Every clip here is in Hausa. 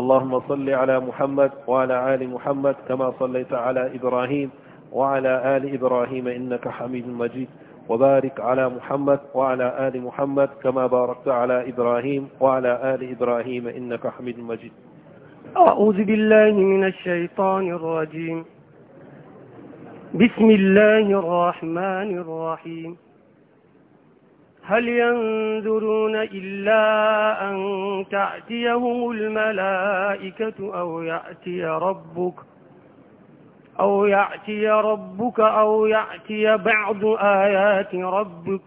اللهم صل على محمد وعلى آل محمد كما صليت على إبراهيم وعلى آل إبراهيم إنك حميد مجيد وبارك على محمد وعلى آل محمد كما باركت على إبراهيم وعلى آل إبراهيم إنك حميد مجيد أعوذ بالله من الشيطان الرجيم بسم الله الرحمن الرحيم هل ينذرون إلا أن تأتيهم الملائكة أو يأتي ربك أو يأتي ربك أو يأتي بعض آيات ربك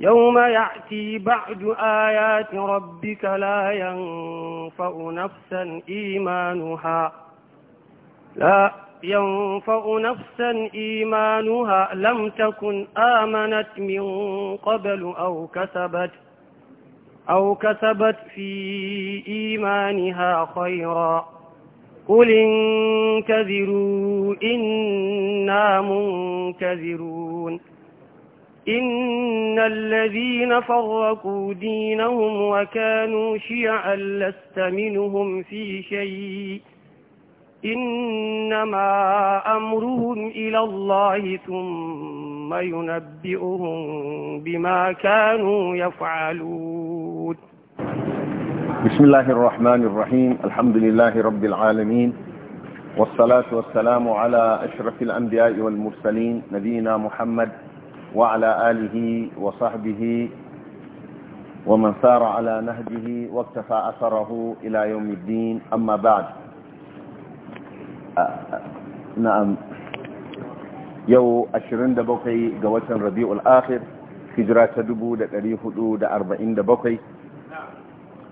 يوم يأتي بعض آيات ربك لا ينفع نفسا إيمانها لا ينفع نفسا إيمانها لم تكن آمنت من قبل أو كسبت أو كسبت في إيمانها خيرا قل انكذروا إنا منكذرون إن الذين فرقوا دينهم وكانوا شيعا لست منهم في شيء إنما أمرهم إلى الله ثم ينبئهم بما كانوا يفعلون بسم الله الرحمن الرحيم الحمد لله رب العالمين والصلاة والسلام على أشرف الأنبياء والمرسلين نبينا محمد وعلى آله وصحبه ومن سار على نهجه واكتفى أثره إلى يوم الدين أما بعد na'am yau 27 ga watan rabi'ul akhir hijira ta 1447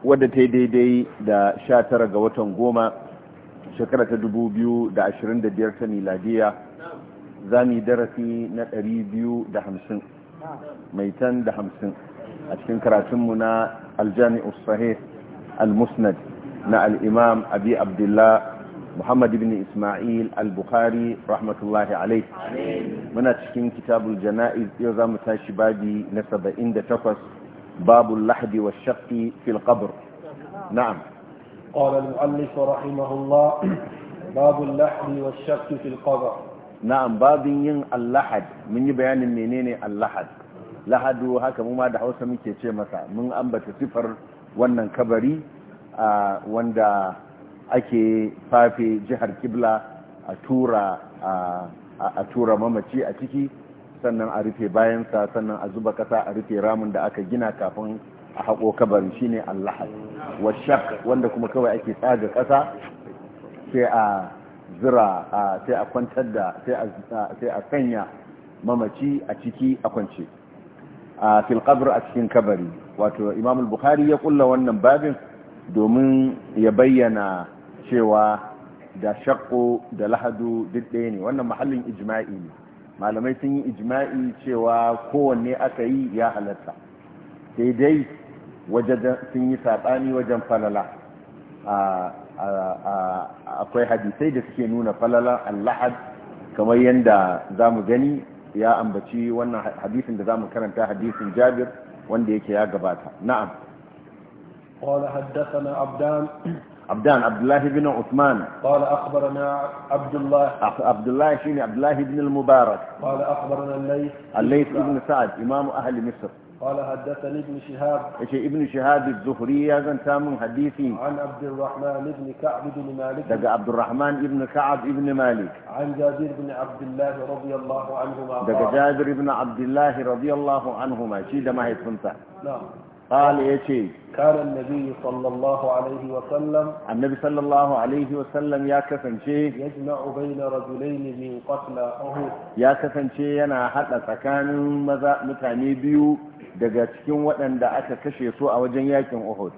wadda ta daidai da 19 ga watan goma shekara ta 2025 ta miladiya za mu darasi na 250 mai tan da 50 a cikin karatunmu na aljami'ul sahih al-musnad na al'imam abi abdullah Muhammad ibn Ismail al-Bukhari rahmatullahi alaihi muna cikin kitabul jana'iz yau zamu tashi babi na 78 babul lahdi wa shaqqi fil qabr na'am qala al-muallif rahimahullah babul lahdi wa shaqqi fil na'am babin yin al-lahad mun yi bayanin menene al-lahad lahadu haka muma da Hausa muke ce masa mun ambata sifar wannan kabari ah, wanda ake fafe jihar kibla a tura a tura mamaci a ciki sannan a rufe bayansa sannan a zuba kasa a rufe ramin da aka gina kafin a haƙo kabarin shine Allahal washak wanda kuma kawai ake tsaga kasa sai a zira sai a kwantar da sai a sanya mamaci a ciki a kwance a filkabar a cikin kabari wato imamul bukhari ya kulla wannan babin domin ya bayyana cewa da shakko da lahadu duk ɗaya ne wannan mahallin ijma'i ne malamai sun yi ijma'i cewa kowanne aka yi ya halatta sai dai sun yi saɓani wajen falala akwai hadisai da suke nuna falala allahad kamar yadda za mu gani ya ambaci wannan hadisin da za mu karanta hadisin jabir wanda yake ya gabata na'am قال حدثنا عبدان عبدان عبد الله بن عثمان قال أخبرنا عبد الله عبد الله شيني عبد الله بن المبارك قال أخبرنا الليث الليث بن سعد إمام أهل مصر قال حدثني ابن شهاب شيء ابن شهاب الزهري هذا تام حديثي عن عبد الرحمن بن كعب بن مالك دق عبد الرحمن بن كعب بن مالك عن جابر بن عبد الله رضي الله عنهما دق جابر بن عبد الله رضي الله عنهما شيء ده ما هي نعم قال ايه شيء كان النبي صلى الله عليه وسلم النبي صلى الله عليه وسلم يا كفن يجمع بين رجلين من قتلى يا كفن شيء حتى سكان مذا متعني بيو daga cikin waɗanda aka kashe su a wajen yakin Uhud.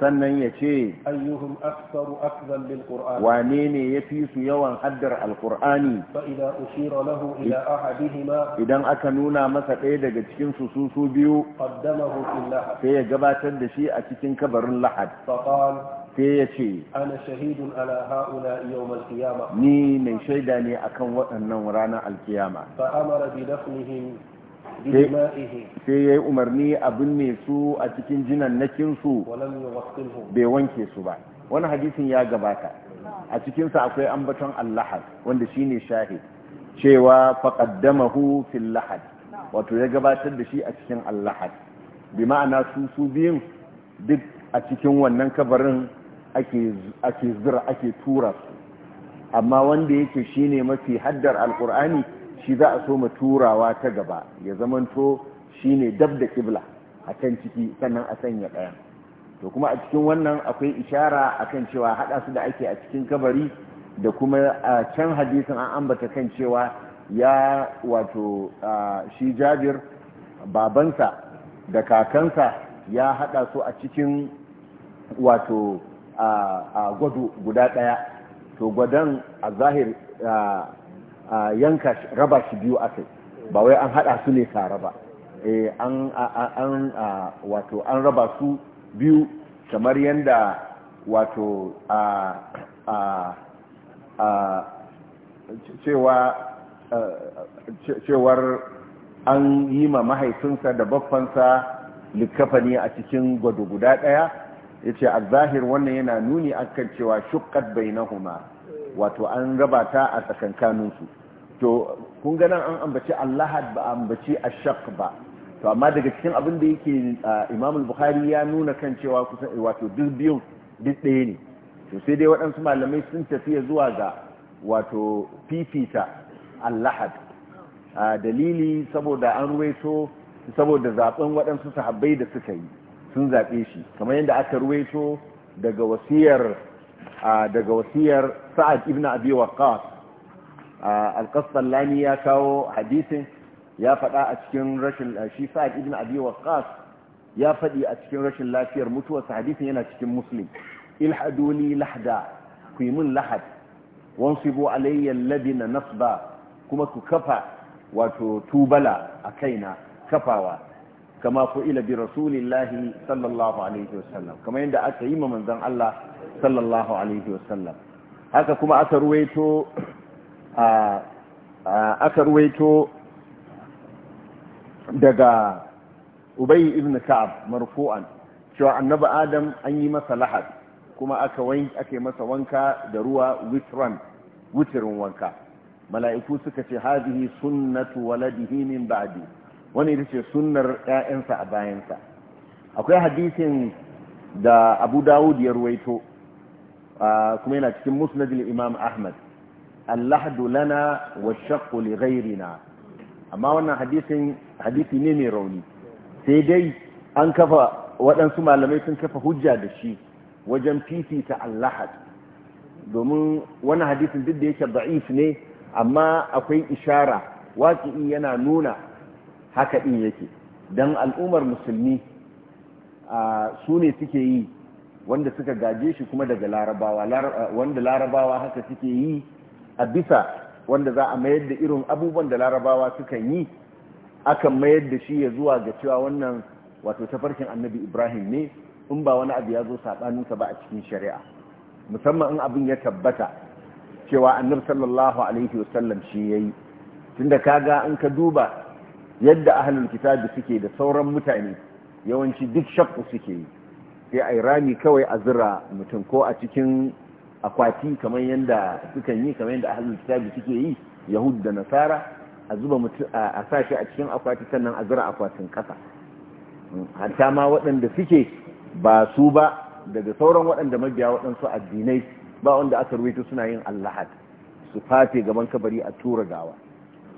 Sannan ya ce, Ayyuhun aksaru akzan lil Qur'an. Wane ne ya fi su yawan haddar Al-Qur'ani? Idan aka nuna masa ɗaya daga cikin su su biyu, sai ya gabatar gabatar da shi a cikin kabarin lahad sai ya ce ana shahidun ala haula yawm ni mai shaida ne a kan waɗannan ranar alkiyama fa amara bi dafnihim sai ya yi umarni abin binne su a cikin jinannakin su bai wanke su ba wani hadisin ya gabata a cikinsa akwai ambaton allahad wanda shine shahid cewa faƙaddamahu fil lahad wato ya gabatar da shi a cikin allahad bi ma'ana su su biyun duk a cikin wannan kabarin ake zira ake tura su amma wanda yake shine mafi haddar alkur'ani shi za a so ma turawa ta gaba ya zamanto shine dab da kibla a kan ciki sannan a sanya ɗaya to kuma a cikin wannan akwai ishara a kan cewa haɗa su da ake a cikin kabari da kuma a can hadisin an ambata kan cewa ya wato shi jabir babansa da kakansa ya hada su a cikin wato a gwado guda daya to gwadon a zahir a yanka raba shi biyu kai ba wai an hada su ne tare ba eh, an wato an raba su biyu kamar yadda wato cewar an yi ma mahaifinsa da baffansa likafani a cikin gwado guda ɗaya ya ce a zahir wannan yana nuni kan cewa shukkat bai na huma wato an raba ta a tsakankaninsu to kun ganin an ambaci allahad ba ambaci shak ba to amma daga cikin abin da yake imamul buhari ya nuna kan cewa kusan wato duk biyun duk ɗaya ne to sai dai waɗansu malamai sun tafiya zuwa ga wato fifita allahad a dalili saboda an ruwaito saboda zaben waɗansu sahabbai da suka yi sun zaɓe shi kamar yadda aka ruwaito daga wasiyar daga wasiyar sa'ad ibn abi waqqas al-qasallani ya kawo hadisin ya faɗa a cikin rashin shi sa'ad ibn abi waqqas ya faɗi a cikin rashin lafiyar mutuwar sa hadisin yana cikin muslim ilhadu li lahda ku yi min lahad wansibu alayya alladhina nasba kuma ku kafa wato tubala a kaina kafawa kama ila bi rasulillahi sallallahu alaihi wasallam kama yadda aka yi ma manzon Allah sallallahu alaihi wasallam haka kuma aka ruwaito aka ruwaito daga Ubay ibn Ka'ab marfu'an cewa annabi Adam an yi masa lahad kuma aka wanke ake masa wanka da ruwa witran witirin wanka mala'iku suka ce hazihi sunnatu waladihi min ba'di wani ita ce sunnar ƴaƴansa a bayansa akwai hadisin da Abu Dawud ya ruwaito kuma yana cikin musnadil imam Ahmad al-lahdu lana wa shaqqu li amma wannan hadisin hadisi ne mai rauni sai dai an kafa waɗansu malamai sun kafa hujja da shi wajen fifita Allahad domin wannan hadisin duk da yake da'if ne amma akwai ishara waƙi'i yana nuna haka ɗin yake don al'ummar musulmi su ne suke yi wanda suka gaje shi kuma daga larabawa wanda larabawa haka suke yi a bisa wanda za a mayar da irin abubuwan da larabawa suka yi akan mayar da shi ya zuwa ga cewa wannan wato tafarkin annabi ibrahim ne in ba wani abu ya zo saɓaninsa ba a cikin shari'a musamman in abin ya tabbata cewa annabi sallallahu alaihi wasallam shi yayi tunda kaga an ka duba yadda ahlul kitabi suke da sauran mutane yawanci duk shakku suke yi sai ai rami kawai a zira mutum ko a cikin akwati kamar yadda suka yi kamar yadda ahlul kitabi suke yi yahud da nasara a zuba a sashi a cikin akwati sannan a zira akwatin kasa hatta ma waɗanda suke ba su ba daga sauran waɗanda mabiya waɗansu addinai ba wanda aka ruwaito suna yin allahad su fafe gaban kabari a tura gawa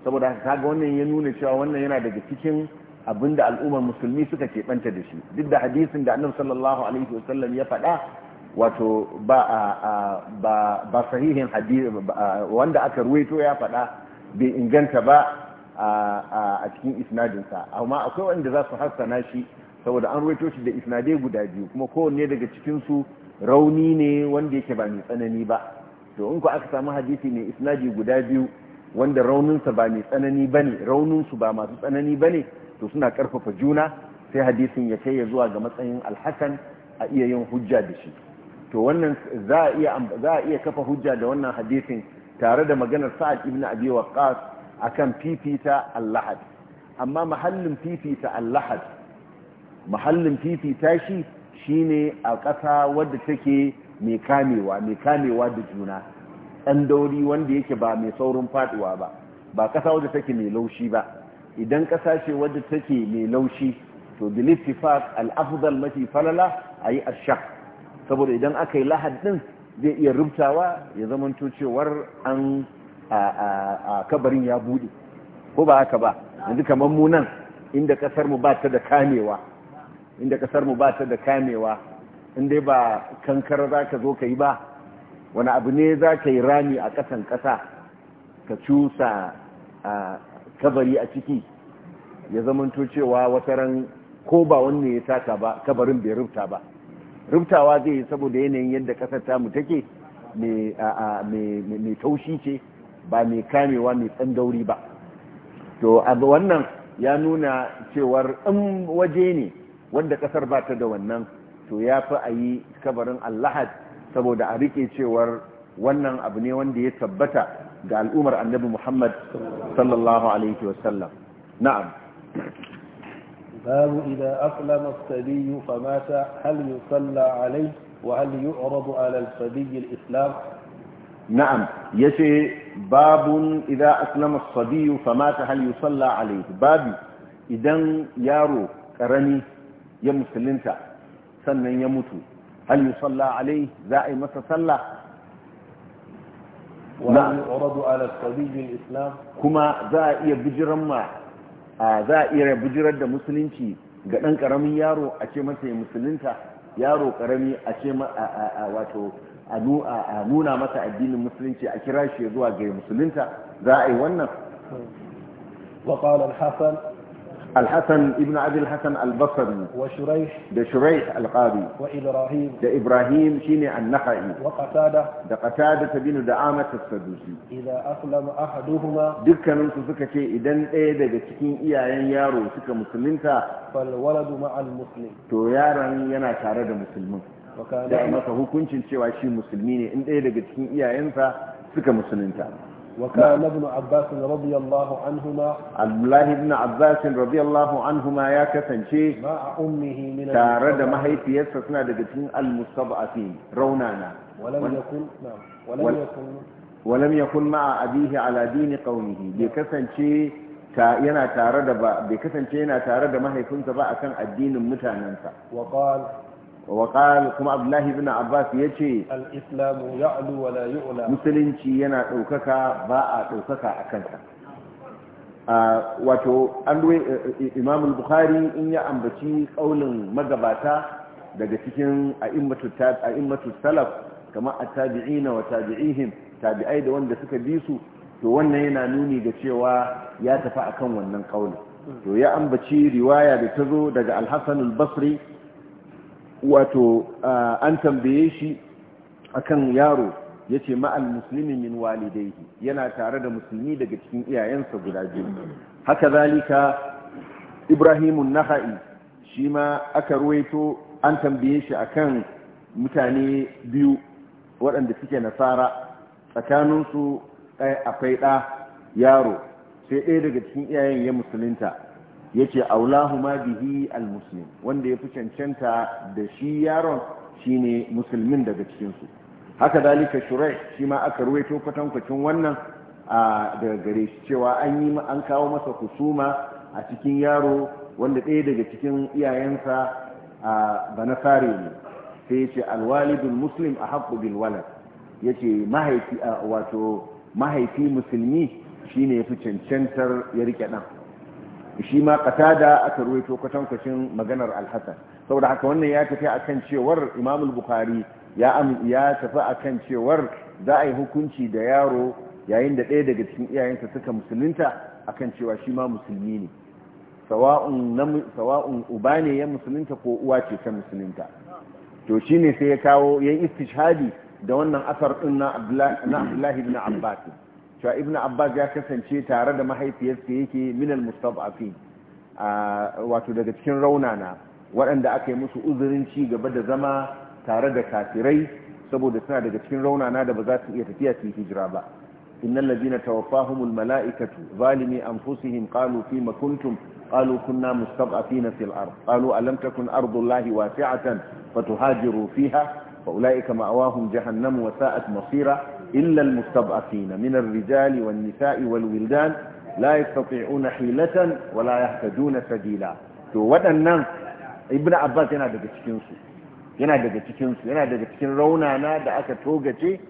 saboda haka kaga wannan ya nuna cewa wannan yana daga cikin abin da al'ummar musulmi suka keɓanta da shi duk da hadisin da annabi sallallahu alaihi wasallam ya faɗa wato ba ba ba sahihin hadisi wanda aka ruwaito ya faɗa bai inganta ba a cikin isnadin sa amma akwai wanda za su hassana shi saboda an ruwaito shi da isnadai guda biyu kuma kowanne daga cikin su. rauni ne wanda yake ba mai tsanani ba to in ku aka samu hadisi mai isnadi guda biyu wanda rauninsa ba mai tsanani ba ne rauninsu ba masu tsanani ba ne to suna karfafa juna sai hadisin ya kai ya zuwa ga matsayin alhakan a iya yin hujja da shi to wannan za a iya za a iya kafa hujja da wannan hadisin tare da maganar sa'ad ibn abi waqqas akan fifita al-lahad amma mahallin fifita al-lahad mahallin fifita shi Shi ne a ƙasa wadda take mai kamewa mai kamewa da juna ɗan dauri wanda yake ba mai saurin faɗuwa ba ba ƙasa wadda take mai laushi ba idan ƙasa ce wadda take mai laushi to bilittifak al'afudal mafi falala a yi ashak saboda idan aka yi lahad zai iya rubtawa ya zamanto cewar an a kabarin ya buɗe ko ba haka ba yanzu kamar mu nan inda ƙasar mu ba ta da kamewa inda kasar mu ba ta da kamewa inda ba kankar za ka zo ka yi ba wani abu ne za ka yi rami a ƙasan ƙasa ka cusa a kabari a ciki ya zamanto cewa wata ran ko ba wanne ya taka ba kabarin bai rubuta ba rubutawa zai yi saboda yanayin yadda ƙasar mu take mai taushi ce ba mai kamewa mai tsandauri ba to abu wannan ya nuna cewar in waje ne wanda kasar ba ta da wannan to ya fi a yi kabarin allahad saboda a rike cewar wannan abu ne wanda ya tabbata ga al'umar annabi muhammad sallallahu alaihi wasallam na'am باب إذا أسلم الصبي فمات هل يصلى عليه وهل يعرض على الصبي الإسلام نعم يشي باب إذا أسلم الصبي فمات هل يصلى عليه babu idan yaro كرني ya musulunta sannan ya mutu hal yusalla alai za a yi masa sallah wa yuradu ala islam kuma za a iya bijiran ma za a iya bijirar da musulunci ga ɗan ƙaramin yaro a ce masa ya musulunta yaro karami a ce wato a nuna masa addinin musulunci a kira shi zuwa ga musulunta za a yi wannan وقال الحسن الحسن ابن أبي الحسن البصري وشريح ده شريح القاضي وإبراهيم ده إبراهيم شيني النخعي وقتادة ده قتادة بن دعامة السدوسي إذا أسلم أحدهما دكا ننسو سكا شيء إذن إيه ده تكين إيا ينيارو سكا مسلمتا فالولد مع المسلم تو يارا ينا تارد مسلمون da masa hukuncin cewa shi musulmi ne in ɗaya daga cikin iyayensa suka musulunta وكان ابن عباس رضي الله عنهما عبد الله بن عباس رضي الله عنهما يا كسنشي مع أمه من تارد ما هي في يسسنا دقتين المستضعفين رونانا ولم ون... يكن نعم ولم ول... يكن ولم يكن مع أبيه على دين قومه بكسنشي ta yana tare da ba bai kasance yana tare da mahaifinsa ba akan addinin mutanensa wa qala وقال كما عبد الله بن عباس يجي الإسلام يعلو ɗaukaka, يعلى مسلنشي ينا توككا باء wato eh, eh, imam bukhari in ya ambaci kaulin magabata daga cikin a'immatu salaf kamar a tabiina wa tabi'ihim tabi'ai da wanda suka bi su to wannan yana nuni da cewa ya tafi akan wannan kaulin to ya ambaci riwaya da ta zo daga al Bafri. wato an tambaye shi akan yaro ya ce ma'al musulmi min walidai yana tare da musulmi daga cikin iyayensa guda biyu haka zalika ibrahimun naha'i shi ma aka ruwaito an tambaye shi akan mutane biyu waɗanda suke nasara tsakaninsu akwai ɗa yaro sai ɗaya daga cikin iyayen ya musulunta yace aulahuma bihi almuslim wanda ya fi cancanta da shi yaron shine musulmin daga cikin su haka dalika shurai shi ma aka ruwaito kwatankwacin wannan a daga gare shi cewa an yi an kawo masa kusuma a cikin yaro wanda ɗaya daga cikin iyayensa a bana fare ne sai yace alwalidul muslim ahaqqu bil walad yace mahaifi wato mahaifi musulmi shine yafi cancantar ya rike ɗan shi ma qatada aka ruwaito kwatankwacin maganar al-hasan saboda haka wannan ya tafi akan cewar imam al-bukhari ya ya tafi akan cewar za a yi hukunci da yaro yayin da ɗaya daga cikin iyayensa suka musulunta akan cewa shi ma musulmi ne sawa'un uba ne ya musulunta ko uwa ce ta musulunta to shine sai ya kawo ya yi istishhadi da wannan asar din na abdullahi na abbas cewa ibn abbas ya kasance tare da mahaifiyarsa yake minal mustad'afin wato daga cikin raunana waɗanda aka yi musu uzurin ci gaba da zama tare da kafirai saboda suna daga cikin raunana da ba za su iya tafiya su hijira ba innal ladina tawaffahumul mala'ikatu zalimi anfusihim qalu fima kuntum qalu kunna mustad'afina fil ard qalu alam takun ardullahi wasi'atan fatuhajiru fiha fa ulaika ma'awahum jahannam wa sa'at masira إلا المستضعفين من الرجال والنساء والولدان لا يستطيعون حيلة ولا يهتدون سبيلا to waɗannan ibn abbas yana daga cikinsu yana daga cikinsu yana daga cikin raunana da aka togace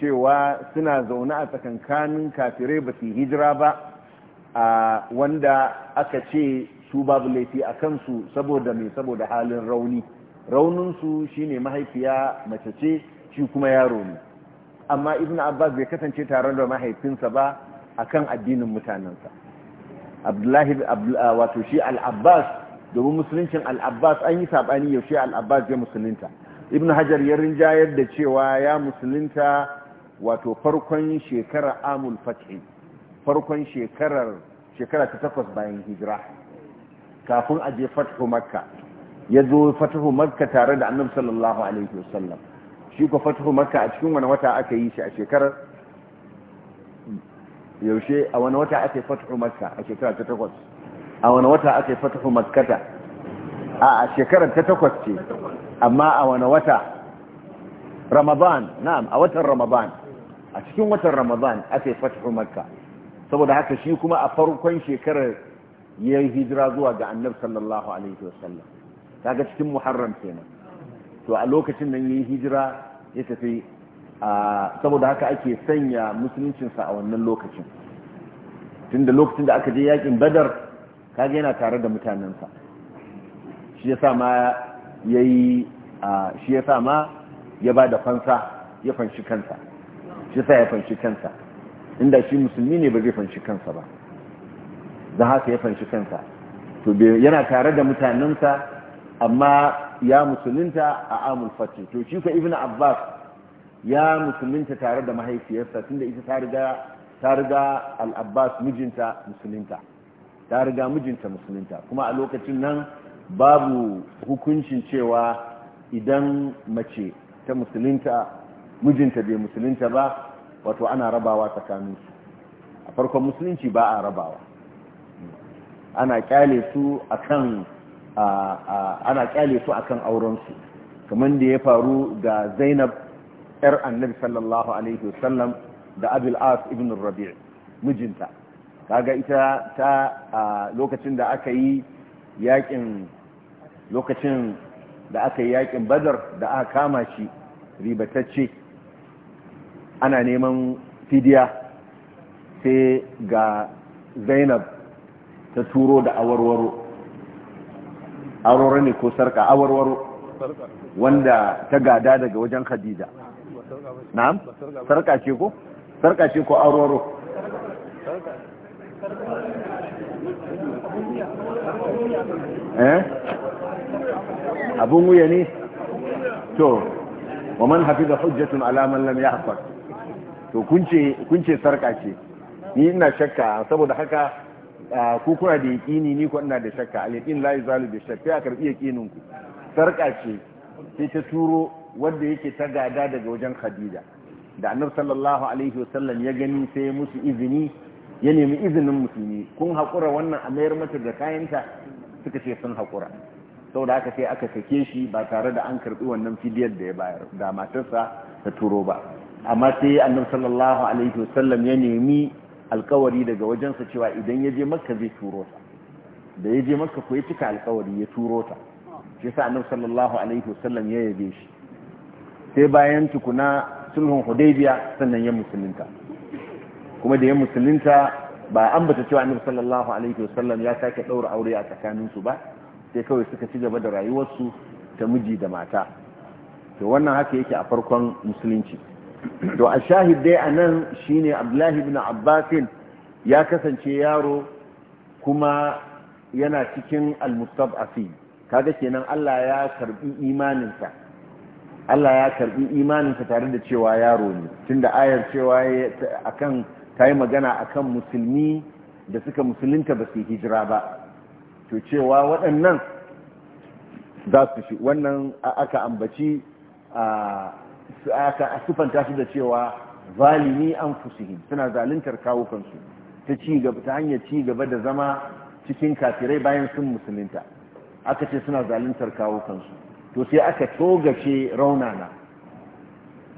cewa suna zaune a tsakankanin kafirai ba su hijira ba a wanda aka ce su babu laifi a kansu saboda mai saboda halin rauni rauninsu shine mahaifiya mace ce shi kuma yaro ne amma ibn abbas bai kasance tare da mahaifinsa ba akan addinin mutanensa abdullahi ah, wato shi al-abbas domin musuluncin al-abbas an yi sabani yaushe al-abbas ya musulunta ibn hajar ya rinjayar da cewa ya musulunta wato farkon shekarar amul fathi farkon shekarar shekara ta takwas bayan hijira kafin aje fathu makka ya zo fathu makka tare da annabi sallallahu alaihi wasallam shi ko fatuhu makka a cikin wani wata aka yi shi a shekarar yaushe a wani wata aka yi fatuhu makka a shekarar ta takwas a wani wata aka yi fatuhu makkata a shekarar ta takwas ce amma a wani wata ramadan na'am a watan ramadan a cikin watan ramadan aka yi fatuhu makka saboda haka shi kuma a farkon shekarar ya yi hijira zuwa ga annab sallallahu alaihi wasallam kaga cikin muharram kenan to a lokacin nan ya yi hijira ya tafi saboda haka ake sanya musuluncinsa a wannan lokacin tun da lokacin da aka je yakin badar kaga yana tare da mutanensa shi ya sa ma ya yi shi ya sa ma ya ba da fansa ya fanshi kansa shi sa ya fanshi kansa inda shi musulmi ne ba zai fanshi kansa ba za haka ya fanshi kansa to yana tare da mutanensa amma ya musulunta a amul fatih to shi ka ibnu abbas ya musulunta tare da mahaifiyarsa tunda ita ta riga ta riga al-abbas mijinta musulunta ta riga mijinta musulunta kuma a lokacin nan babu hukuncin cewa idan mace ta musulunta mijinta bai musulunta ba wato ana rabawa tsakaninsu a farkon musulunci ba a rabawa ana kyale su akan ana kyale su a kan aurensu kamar da ya faru ga zainab yar annabi sallallahu alaihi wasallam da abil as ibn rabi' mijinta kaga ita ta lokacin da aka yi yakin lokacin da aka yi yakin badar da aka kama shi ribatacce ana neman fidiya sai ga zainab ta turo da awarwaro aurora ne ko sarka awarwaro wanda ta gada daga wajen khadija na'am sarka ce ko sarka ce ko auroro eh abun wuya ne to wa man hafiza hujjatun ala man lam yahfaz to kunce kunce sarka ce ni ina shakka saboda haka ku kuna da yaƙini ni ko ina da shakka al yaqin la yuzalu bi shakka ya karbi yaqinin ku sarka ce sai ta turo wanda yake ta gada daga wajen Khadija da annabi sallallahu alaihi wasallam ya gani sai ya musu izini ya nemi izinin musulmi kun haƙura wannan a mayar mata da kayanta suka ce sun haƙura sau da aka sai aka sake shi ba tare da an karɓi wannan fidiyar da ya bayar da matarsa ta turo ba amma sai annabi sallallahu alaihi wasallam ya nemi alkawari daga wajensa cewa idan ya je makka zai turo ta da ya je makka ko ya cika alkawari ya turo ta shi sa annabi sallallahu alaihi wasallam ya yabe shi sai bayan tukuna sulhun hudaybiya sannan ya musulunta kuma da ya musulunta ba an bata cewa annabi sallallahu alaihi wasallam ya sake daura aure a tsakanin su ba sai kawai suka ci gaba da rayuwarsu ta miji da mata to wannan haka yake a farkon musulunci to a shahid dai a nan shi ne abdullahi bin abbasin ya kasance yaro kuma yana cikin almustab afi kaga kenan allah ya karbi imaninsa allah ya karbi imaninsa tare da cewa yaro ne tunda ayar cewa akan ta yi magana akan musulmi da suka musulunta ba su hijira ba to cewa waɗannan za su shi wannan aka ambaci a a sufanta su da cewa zalimi an fusihim suna zaluntar kawukansu ta hanyar ci gaba da zama cikin kafirai bayan sun musulunta aka ce suna zaluntar kawukansu to sai aka togace raunana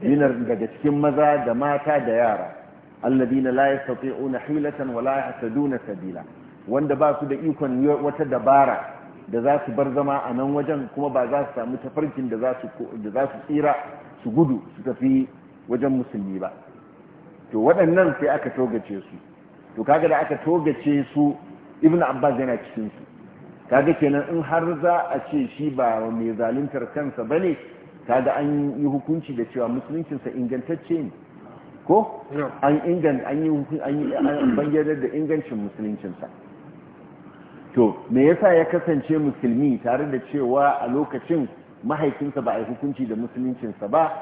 dinar daga cikin maza da mata da yara alladina la yastati'una hilatan wa la yahtaduna sabila wanda ba su da ikon wata dabara da za su bar zama a nan wajen kuma ba za su samu tafarkin da za su tsira su gudu su tafi wajen musulmi ba to waɗannan sai aka togace su to kaga da aka togace su ibn abbas yana cikin su kaga kenan in har za a ce shi ba mai zaluntar kansa bane kaga an yi hukunci da cewa musuluncinsa ingantacce ne ko an ingan an yi an da ingancin musuluncinsa to me yasa ya kasance musulmi tare da cewa a lokacin mahaifinsa ba a yi hukunci da musuluncinsa ba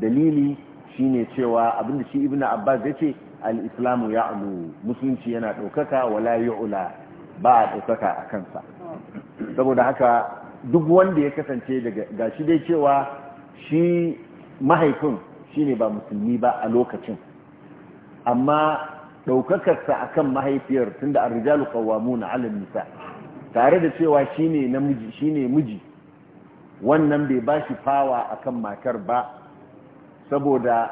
dalili shine cewa abinda shi ibnu abbas ya ce al-islamu ya'lu musulunci yana ɗaukaka wala ula ba a ɗaukaka a kansa saboda haka duk wanda ya kasance daga ga shi dai cewa shi mahaifin shine ba musulmi ba a lokacin amma ɗaukakarsa a kan mahaifiyar tun da arrijalu na 'ala tare da cewa shine namiji miji wannan bai ba shi fawa akan matar ba saboda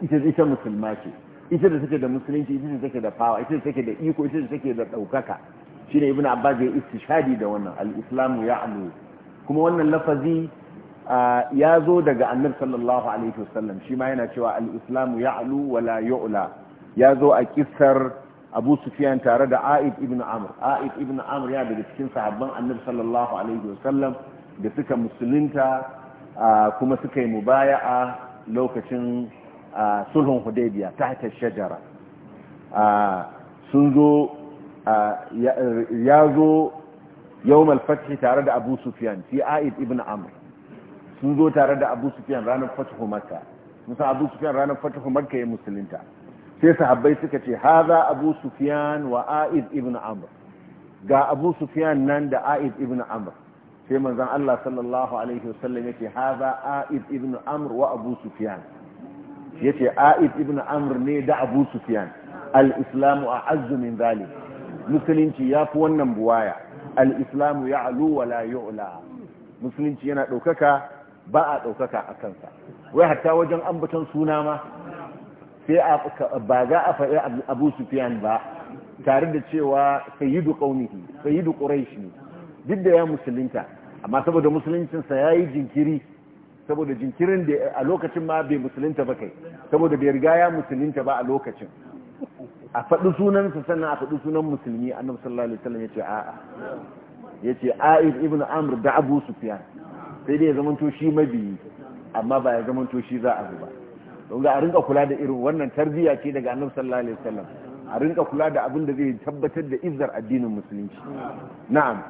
ita ita musulma ce ita da take da musulunci ita da take da fawa ita da take da iko ita da take da daukaka shine ibnu abbas ya istishhadi da wannan al ya ya'lu kuma wannan lafazi ya zo daga annabi sallallahu alaihi wasallam shi ma yana cewa al ya ya'lu wala yu'la ya zo a kissar abu sufyan tare da a'id ibn amr a'id ibn amr ya daga cikin sahabban annabi sallallahu alaihi wasallam da suka musulunta kuma suka yi a lokacin sulhun hudaybiya haka shajara sun zo ya zo yawm al tare da Abu sufiyan fi Aid ibn Amr sun zo tare da Abu sufiyan ranar fathu Makka musa Abu sufiyan ranar fathu Makka ya musulunta sai sahabbai suka ce haza Abu sufiyan wa Aid ibn Amr ga Abu sufiyan nan da Aid ibn Amr sai manzon Allah sallallahu alaihi wasallam yake haza A'id ibn Amr wa Abu yace A'id ibn Amr ne da Abu Sufyan al'islamu a azumin min musulunci ya yafi wannan buwaya al'islamu ya ya'lu wa la musulunci yana ɗaukaka ba a ɗaukaka a kansa wai hatta wajen ambaton suna ma sai ba za a faɗi Abu Sufyan ba tare da cewa sayidu qaumihi sayidu ƙuraishi duk da ya musulunta amma saboda musuluncinsa ya yi jinkiri saboda jinkirin da a lokacin ma bai musulunta ba kai saboda bai riga ya musulunta ba a lokacin a faɗi sunansa sannan a faɗi sunan musulmi annabi sallallahu alaihi wasallam yace a'a yace a'id ibn amr da abu sufyan sai dai ya to shi mabiyi amma ba ya to shi za a ba don ga a rinka kula da irin wannan tarbiyya ce daga annabi sallallahu alaihi wasallam a rinka kula da abin da zai tabbatar da izzar addinin musulunci na'am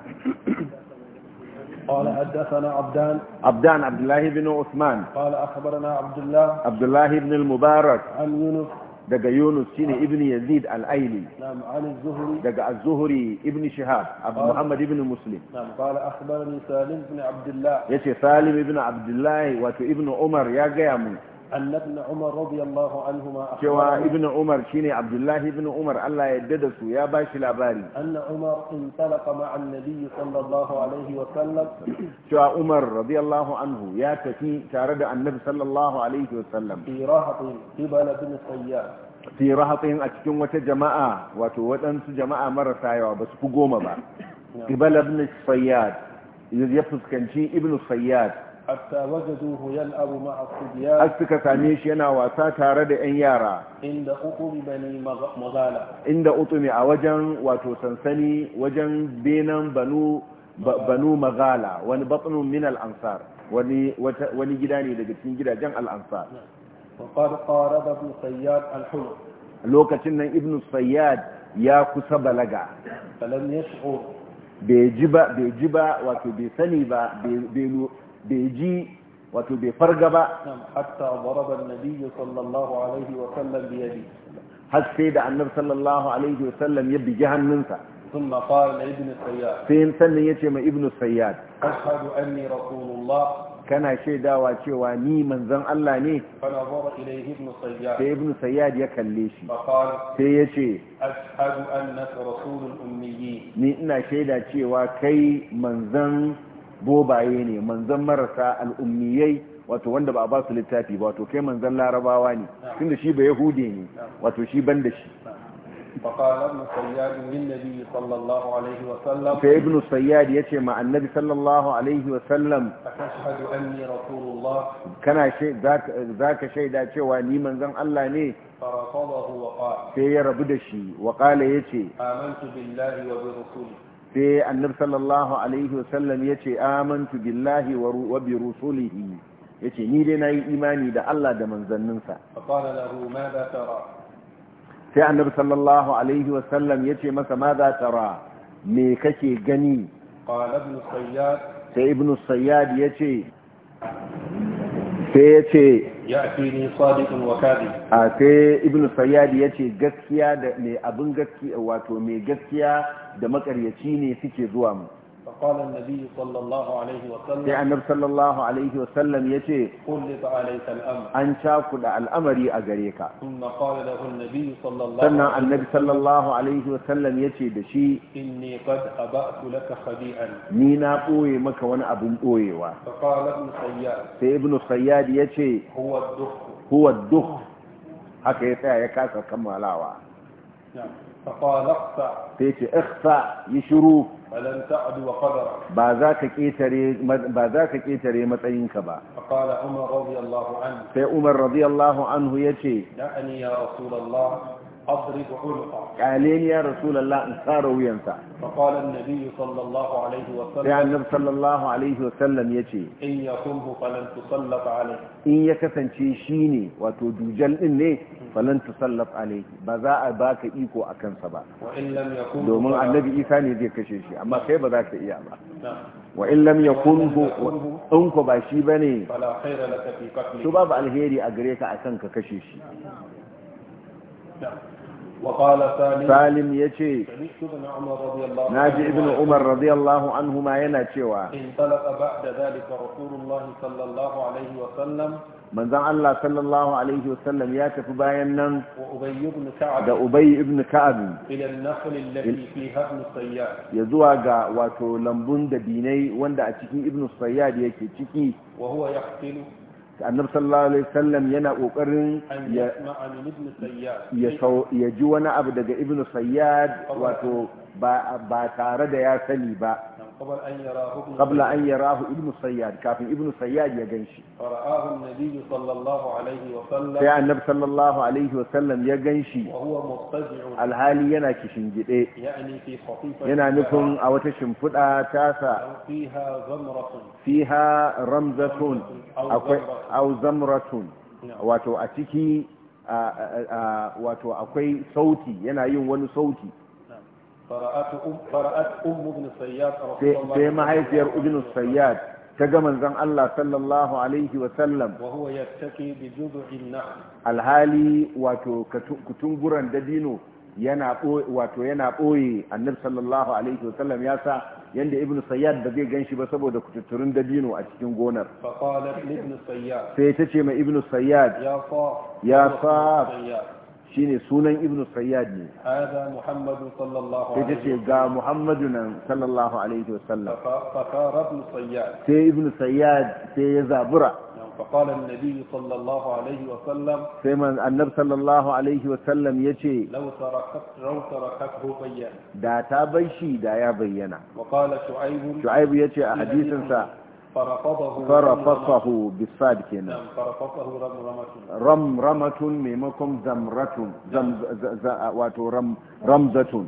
قال حدثنا عبدان عبدان عبد الله بن عثمان قال أخبرنا عبد الله عبد الله بن المبارك عن يونس دقى يونس شين ابن يزيد الأيلي نعم عن الزهري دقى الزهري ابن شهاب أبو محمد ابن مسلم نعم قال أخبرني سالم بن عبد الله يشي سالم ابن عبد الله وابن عمر يا قيامون أن ابن عمر رضي الله عنهما شوى ابن عمر شيني عبد الله ابن عمر الله يددس يا باش الأباري أن عمر انطلق مع النبي صلى الله عليه وسلم شوى عمر رضي الله عنه يا تكي تارد النبي صلى الله عليه وسلم في رهط قبل بن الصياد في رهط أتكون وتجماعة وتوتنس جماعة مرة سايوة بس فقومة بقى قبل بن الصياد يفسكن شي ابن الصياد hatta wajaduhu yal'abu ma'a sibyan har suka same shi yana wasa tare da ƴan yara inda utumi bani magala inda utumi a wajen wato sansani wajen benan banu banu magala wani batnun min al-ansar wani wani gida ne daga cikin gidajen al-ansar faqad qarada bi sayyad al-hulm lokacin nan ibnu sayyad ya kusa balaga falam yash'ur bai ji bai ji ba wato bai sani ba bai bai ji wato bai farga ba hatta daraba annabi sallallahu alaihi wa sallam bi yadi har sai da annabi sallallahu alaihi wa sallam ya bigi hannunsa ثم قال لابن السياد فين سنن يتي ما ابن السياد اشهد اني رسول الله kana shaidawa cewa ni manzon Allah ne Ibn sai ibn sayyad ya kalle shi sai ya ce ashhadu annaka rasulul ummiyyi ni ina shaida cewa kai manzon bobaye ne manzan marasa al'ummiyai wato wanda ba a ba su littafi ba wato kai manzan larabawa ne tun da shi ba yahude ne wato shi ban da shi fa ibn sayyad ya ce ma annabi sallallahu alaihi wa wasallam kana za ka shaida cewa ni manzan Allah ne sai ya rabu da shi wa ya ce amantu billahi wa bi rasuli sai annab sallallahu alaihi wasallam ya ce amantu billahi wa bi rusulihi ya ce ni dai na yi imani da Allah da manzanninsa sai annab sallallahu alaihi wasallam ya ce masa ma za tara me kake gani sai ibn sayyad ya ce sai ya ce ya'tini sadiqun wa kadhib a sai ibn sayyad yace gaskiya da mai abin gaskiya wato mai gaskiya da makaryaci ne suke zuwa mu قال النبي صلى الله عليه وسلم يا النبي صلى الله عليه وسلم يتي قلت عليك الأمر أن شاكد الأمر أغريك ثم قال له النبي صلى الله سنة النبي صلى الله عليه وسلم يتي دشي إني قد أبأت لك خبيئا نينا قوي مكا وانا أبو قوي فقال ابن صياد في ابن صياد يتي هو الدخ هو الدخ حكيتها يكاسر كمالاوا فقال اخفى فيتي اخفى يشروف ba za ka ƙetare ba za ka ƙetare matsayinka ba sai umar radiyallahu anhu yace da'ani ya rasulallah. أضرب عنقه عليه يا رسول الله انصار وينسى فقال النبي صلى الله عليه وسلم يعني النبي صلى الله عليه وسلم يتي إن يقومه فلن تسلط عليه إن يكسن شيني وتدوجل إني فلن تسلط عليه بذاء باك إيكو أكن سبا وإن لم يكون دومن النبي إيساني دي كشيشي أما كيف ذاك إيا الله وإن لم يكون أنكو باشي بني فلا خير لك في قتله شباب الهيري أقريك أكنك كشيشي نعم salim ya ce na ji ibn umar radiyallahu anhu ma yana cewa manzan Allah sallallahu alaihi wasallam ya tafi bayan nan da ubayi ibn ka'ab ya zuwa ga wato lambun da binai wanda a cikin ibn sayyad yake ciki annabi sallallahu alaihi wasallam yana kokarin ya ji wani abu daga ibnu sayyad wato ba tare da ya sani ba قبل أن يراه ابن الصياد كافي ابن الصياد يا جنشي فرآه النبي صلى الله عليه وسلم يا النبي صلى الله عليه وسلم يا جنشي وهو مرتجع الحالي ينا كشنجد يعني في خطيفة ينا نكون أو تشنفدة تاسا فيها زمرة فيها رمزة أو زمرة واتو أتكي واتو أكوي صوتي ينا يون صوتي Um, um sai mahaifiyar ibn sayyad ta ga manzon Allah sallallahu alhali kutunguran dabino yana wato yana boye annabi sallallahu alaihi wa ya sa yanda ibn sayyad ba zai ganshi ba saboda kututturin dabino a cikin gonar sai ta ce ma ibn sayyad ya sa shine sunan ibnu sayyad ne hada muhammadu sallallahu alaihi wasallam sai ga muhammadu nan sallallahu alaihi wasallam fa fara ibnu sayyad sai ibnu sayyad sai ya zabura فقال النبي صلى الله عليه وسلم سيما النبي صلى الله عليه وسلم يجي لو تركت لو تركته بين دا تابيشي دا يا بينا وقال شعيب شعيب يجي حديثا farafasahu bisad kenan Ram ramatun maimakon zamratun wato ramzatun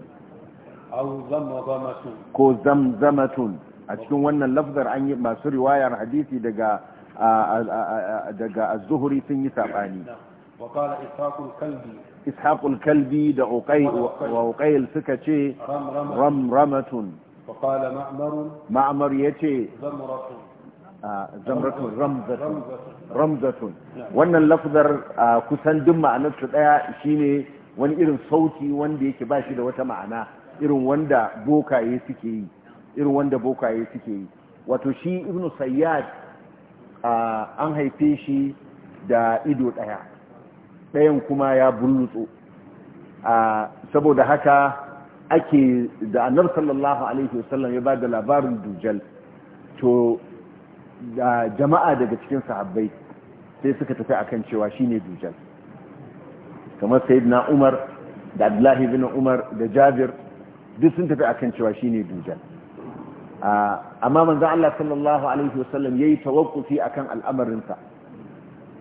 ko zamzamatun a cikin wannan lafzar an yi masu riwayar hadisi daga daga az-zuhri sun yi sabani وقال إسحاق الكلبي إسحاق الكلبي دا وعقيل سكتي رم رمة وقال معمر معمر يتي زمرة ramzatun wannan lafzar kusan duk ma'anarsu daya shine wani irin sauti wanda yake ba shi da wata ma'ana irin wanda bokaye suke yi irin wanda bokaye suke yi wato shi ibnu sayyad an haife shi da ido ɗaya ɗayan kuma ya bullutso saboda haka ake da annabi sallallahu alaihi wasallam ya ba da labarin dujal to jama'a daga cikin sahabbai sai suka tafi akan cewa shine dujjal kamar sayyidina Umar da Abdullahi ibn Umar da Jabir duk sun tafi akan cewa shine dujjal amma manzo Allah sallallahu alaihi wasallam yayi tawakkufi akan al'amarin sa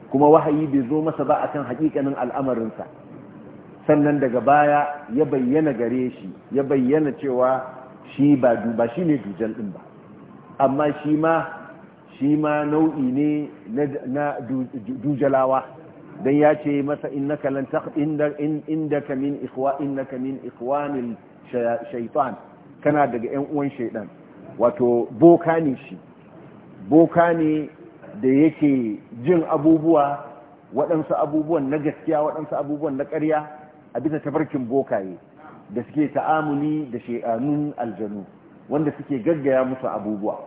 kuma wahayi bai zo masa ba akan hakikanin al'amarin sa sannan daga baya ya bayyana gare shi ya bayyana cewa shi ba duba shine dujal din ba amma shi ma shi ma nau'i ne na dujalawa don ya ce masa innaka lan inda indaka min ikhwa innaka min shaitan kana daga 'yan uwan shaitan wato boka ne shi boka ne da yake jin abubuwa waɗansu abubuwan na gaskiya waɗansu abubuwan na ƙarya a bisa tafarkin bokaye da suke ta'amuli da shaɗanun aljanu wanda suke gaggaya musu abubuwa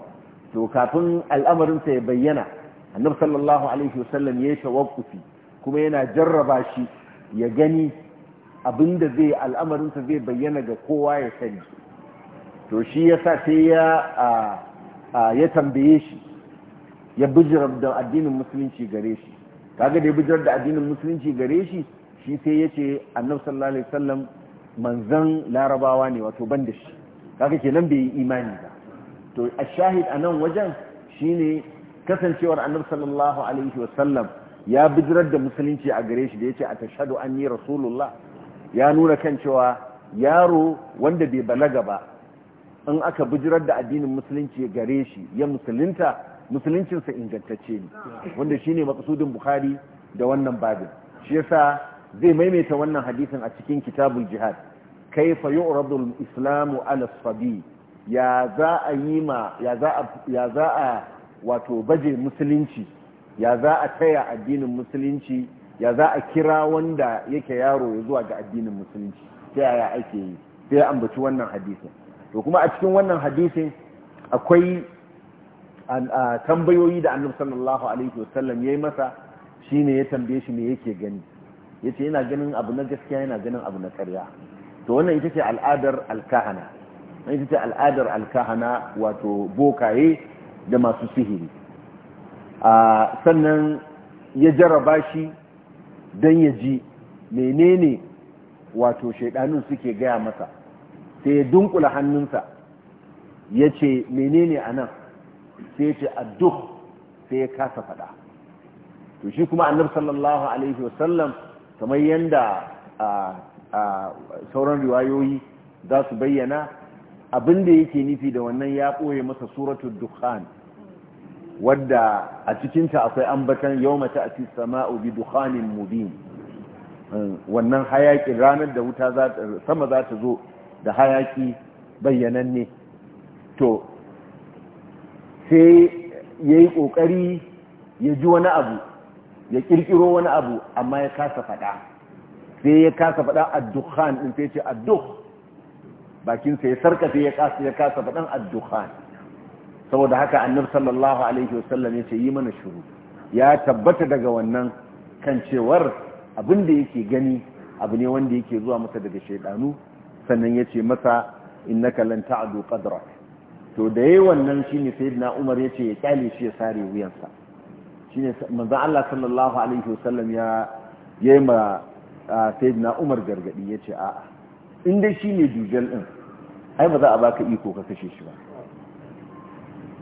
to kafin al'amarinsa ya bayyana annabi sallallahu alaihi wasallam ya yi kuma yana jarraba shi ya gani abinda zai al'amarinsa zai bayyana ga kowa ya sani to shi yasa sa sai ya tambaye shi ya bijirar da addinin musulunci gare shi kaga da ya bijirar da addinin musulunci gare shi shi sai ya ce annabi sallallahu alaihi wasallam manzan larabawa ne wato ban da shi kaga kenan bai yi imani ba to a shahid a nan wajen shine kasancewar annabi sallallahu alaihi wasallam ya bijirar da musulunci a gare shi da ya ce a tashadu an yi rasulullah ya nuna kan cewa yaro wanda bai balaga ba in aka bijirar da addinin musulunci gare shi ya musulunta musuluncinsa ingantacce ne wanda shine maqsudin bukhari da wannan babin shi yasa zai maimaita wannan hadisin a cikin kitabul jihad kaifa yu'radu islamu ala sabi ya za a yi ma ya za a wato baje musulunci ya za a taya addinin musulunci ya za a kira wanda yake yaro ya zuwa ga addinin musulunci ta ya ake yi sai ambaci wannan hadisin to kuma a cikin wannan hadisin akwai tambayoyi da annabi sallallahu alaihi wasallam yayi masa shine ya tambaye shi me yake gani yace yana ganin abu na gaskiya yana ganin abu na ƙarya to wannan ita ce al'adar alkahana ita ce al'adar alkahana wato bokaye da masu sihiri sannan ya jaraba shi don ya ji menene wato shaidanun suke gaya masa sai ya dunkula hannunsa ya ce menene a nan sai ya ce adduk sai ya kasa fada to shi kuma annab sallallahu alaihi wasallam kamar yanda sauran riwayoyi za su bayyana abin da yake nufi da wannan ya ɓoye masa suratun dukhan wadda a cikinta akwai ambatan yau mata a ci sama'u bi dukhanin mubin wannan hayaƙi ranar da wuta sama za ta zo da hayaki ne to sai ya yi ƙoƙari ya ji wani abu ya ƙirƙiro wani abu amma ya kasa faɗa sai ya kasa faɗa a dukhan in sai ce a duk bakinsa ya sarkafe ya kasa ya kasa faɗan addukhan saboda haka annabi sallallahu alaihi wasallam ya ce yi mana shiru ya tabbata daga wannan kan cewar abin da yake gani abu ne wanda yake zuwa masa daga shaidanu sannan ya ce masa innaka lan ta'du qadra to da yayi wannan shine sayyidina Umar ya ce ya kyale shi ya sare wuyansa shine manzo Allah sallallahu alaihi wasallam ya yayi ma ah, sayyidina Umar gargadi ya ce a'a in dai shi ne dujal ɗin ai ba za a baka iko ka kashe shi ba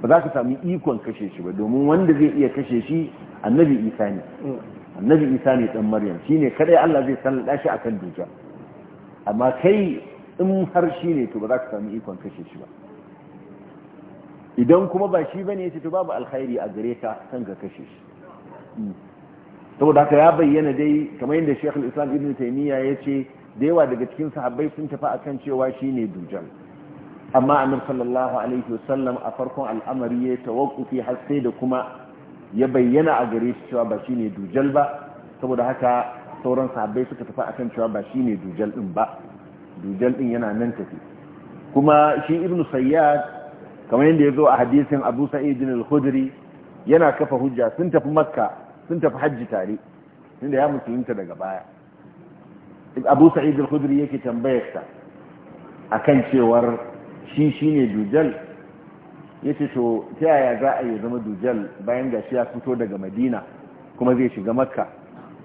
ba za ka sami ikon kashe shi ba domin wanda zai iya kashe shi annabi isa ne annabi isa ne ɗan maryam shi ne kaɗai allah zai sallada shi akan dujal amma kai in har shi ne to ba za ka sami ikon kashe shi ba idan kuma ba shi bane yace to babu alkhairi a gare ka kan ka kashe shi hmm. saboda haka ya bayyana dai kamar yadda Sheikh al-Islam Ibn ya ce. da yawa daga cikin sahabbai sun tafi akan cewa shine dujal amma annabi sallallahu alaihi wasallam a farkon al'amari ya tawaqqufi har sai da kuma ya bayyana a gare shi cewa ba shine dujal ba saboda haka sauran sahabbai suka tafi akan cewa ba shine dujal din ba dujal din yana nan tafi kuma shi ibnu sayyad kamar yadda ya zo a hadisin abu sa'id al-khudri yana kafa hujja sun tafi makka sun tafi hajji tare inda ya musulunta daga baya abu sa'id al-khudri yake ta akan cewar shi shine dujal yace to tayaya za a yi zama dujal bayan shi ya fito daga madina kuma zai shiga makka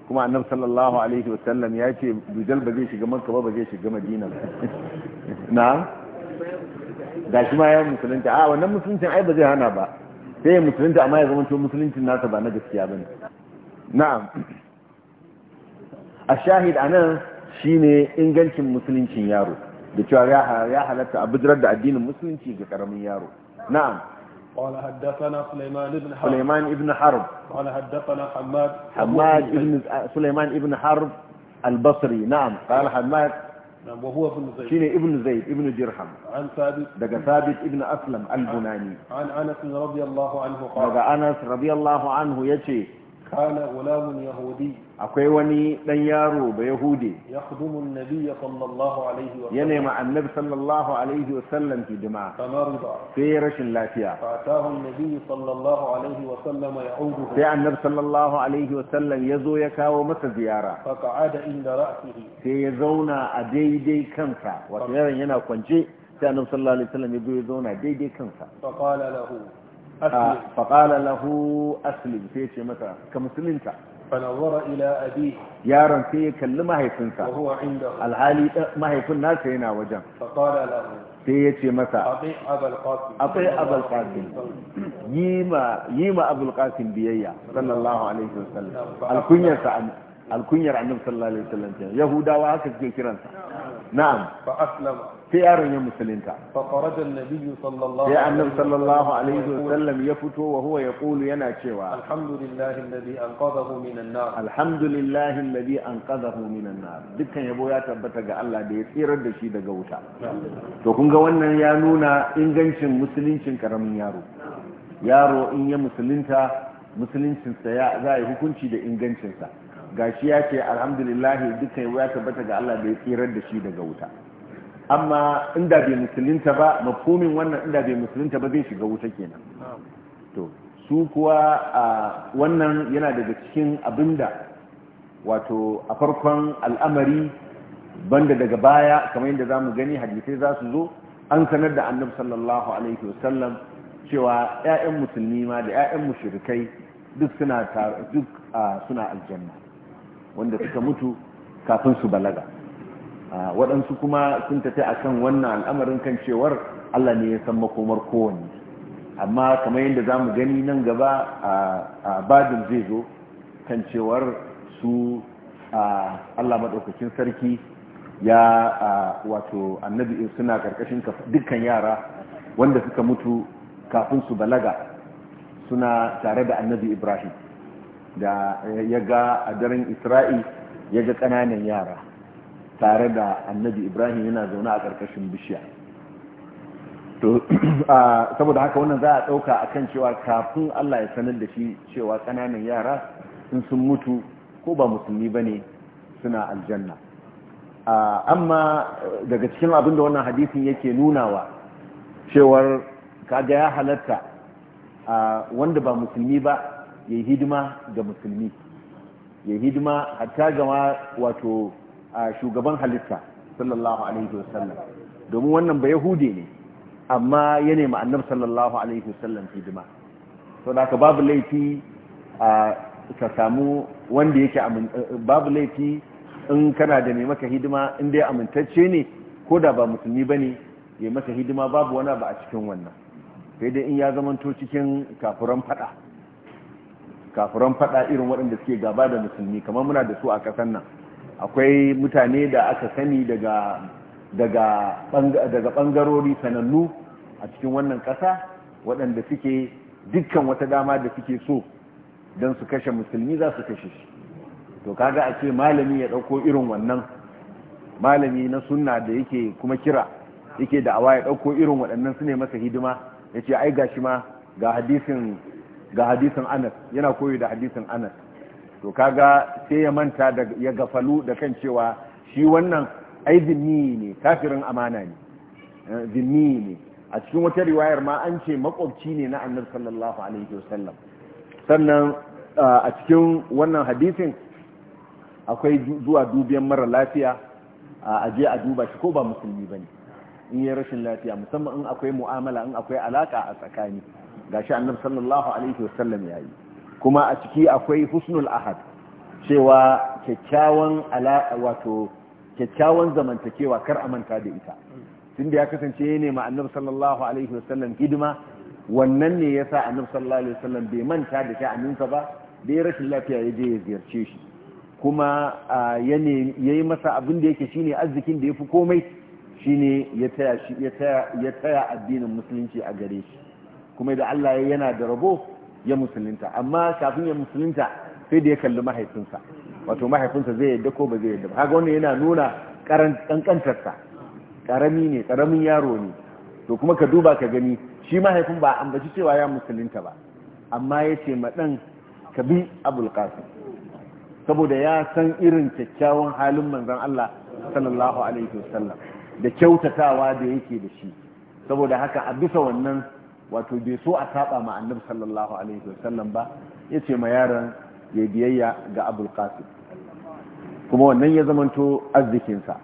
kuma annabi sallallahu alaihi wasallam ya ce dujal ba zai shiga makka ba ba zai shiga madina na da shi ma ya musulunta a wannan musuluncin ai ba zai hana ba sai ya musulunta amma ya zama to musuluncin nasa ba na gaskiya bane na'am a أنه anan shine ingancin musuluncin yaro da cewa ya halatta a bijirar da addinin musulunci ga karamin yaro na'am قال حدثنا سليمان بن حرب سليمان بن حرب قال حدثنا حماد حماد بن سليمان بن حرب البصري نعم قال حماد نعم وهو ابن زيد شيني ابن زيد ابن درهم عن ثابت دقى ثابت ابن أسلم البناني عن أنس رضي الله عنه قال دقى أنس رضي الله عنه يجي kana gulamun yahudi akwai wani dan yaro ba yahudi ya khudumu nabiyya sallallahu alaihi wa ya nema annabi sallallahu alaihi wa sallam hidima sai ya rashin lafiya fatahu sallallahu alaihi wa sallam ya'udu sai annabi sallallahu alaihi wa sallam ya zo ya kawo masa ziyara fa inda ra'sihi sai ya zauna a daidai kansa wato yaron yana kwance sai annabi sallallahu alaihi wa sallam ya zo ya zauna daidai kansa fa lahu faƙala lahu aslim sai ce masa ka musulunta ila abi yaron sai ya kalli mahaifinsa alhali mahaifin nasa yana wajen faƙala lahu sai ya ce masa akwai abulƙasim yi ma abulƙasim biyayya sallallahu alaihi wasallam alkunyarsa alkunyar annabi sallallahu alaihi wasallam yahudawa haka suke kiransa na'am fa aslama sai yaron ya musulunta sai annabi sallallahu alaihi wasallam ya fito wa huwa kulu yana cewa alhamdulillahi alladhi an minan nar alhamdulillahi nar dukkan yabo ya tabbata ga Allah da ya tsirar da shi daga wuta to kun ga wannan ya nuna ingancin musuluncin karamin yaro yaro in ya musulunta musuluncinsa ya za a yi hukunci da ingancinsa gashi ya ce alhamdulillahi dukkan yabo ya tabbata ga Allah da ya tsirar da shi daga wuta amma inda bai musulunta ba mafumin wannan inda bai musulunta ba zai shiga wuta kenan to su kuwa a wannan yana daga cikin abinda wato a farkon al'amari banda daga baya kamar yadda za mu gani hadisai za su zo an sanar da annab sallallahu alaihi wasallam cewa 'ya'yan musulmi ma da 'ya'yan mushrikai duk suna aljanna wanda suka mutu kafin su balaga waɗansu kuma sun tafi kan wannan al'amarin kan cewar Allah ne ya san makomar kowane amma kamar yadda za mu gani nan gaba a badin zai zo kan cewar su Allah maɗaukacin sarki ya wato annabi suna ƙarƙashin dukkan yara wanda suka mutu kafin su balaga suna tare da annabi ibrahim da ya ga a daren isra'i ya ga ƙananan yara tare da annabi ibrahim yana zaune a ƙarƙashin bishiya to saboda haka wannan za a ɗauka a kan cewa kafin allah ya sanar da shi cewa ƙananan yara sun sun mutu ko ba musulmi ba ne suna aljanna amma daga cikin abinda wannan hadisin yake nunawa cewar kaga ya halatta wanda ba musulmi ba ya hidima ga musulmi ya hidima hatta gama wato A shugaban halitta sallallahu alaihi wasallam domin wannan ba yahude ne amma ya nemi annab sallallahu alaihi wasallam hidima to da ka babu laifi ka samu wanda yake babu laifi in kana da mai maka hidima in dai amintacce ne ko da ba musulmi ba ne ya maka hidima babu wani ba a cikin wannan sai dai in ya zamanto cikin kafuran fada kafuran fada irin waɗanda suke gaba da musulmi kamar muna da su a ƙasar nan akwai mutane da aka sani daga ɓangarori sanannu a cikin wannan ƙasa waɗanda suke dukkan wata dama da suke so don su kashe musulmi za su kashe shi to kaga a ce malami ya ɗauko irin wannan malami na sunna da yake kuma kira yake da awa ya ɗauko irin waɗannan su ne masa hidima ya ce ai gashi ma ga hadisin ga hadisin anas yana koyo da hadisin anas to kaga sai ya manta da ya gafalu da kan cewa shi wannan ai zimmi ne kafirin amana ne eh, zimmi ne a cikin wata riwayar ma an ce makwabci ne na annabi sallallahu alaihi wasallam sannan a cikin wannan hadisin akwai zuwa dubiyan mara lafiya a je a duba shi ko ba musulmi bane in yi rashin lafiya musamman in akwai mu'amala in akwai alaka a tsakani gashi annabi sallallahu alaihi wasallam yayi kuma a ciki akwai husnul ahad cewa kyakkyawan ala wato kyakkyawan zamantakewa kar a manta da ita tunda ya kasance ne ma annabi sallallahu alaihi wasallam hidima wannan ne yasa annabi sallallahu alaihi wasallam bai manta da sha'aninsa ba bai rashin lafiya ya je ya ziyarce shi kuma ya yi masa abin da yake shine arzikin da ya fi komai shine ya taya ya taya addinin musulunci a gare shi kuma da Allah yana da rabo ya musulunta amma kafin ya musulunta sai da ya kalli mahaifinsa wato mahaifinsa zai yadda ko ba zai yadda ba haka wannan yana nuna kankantarsa ƙarami ne ƙaramin yaro ne to kuma ka duba ka gani shi mahaifin ba ambaci cewa ya musulunta ba amma ya ce maɗan ka bi abul qasim saboda ya san irin kyakkyawan halin manzon Allah sallallahu alaihi wasallam da kyautatawa da yake da shi saboda haka a bisa wannan wato bai so a saba ma annabi sallallahu alaihi wasallam ba ya ce ma yaran ya biyayya ga abul qasim kuma wannan ya zamanto arzikinsa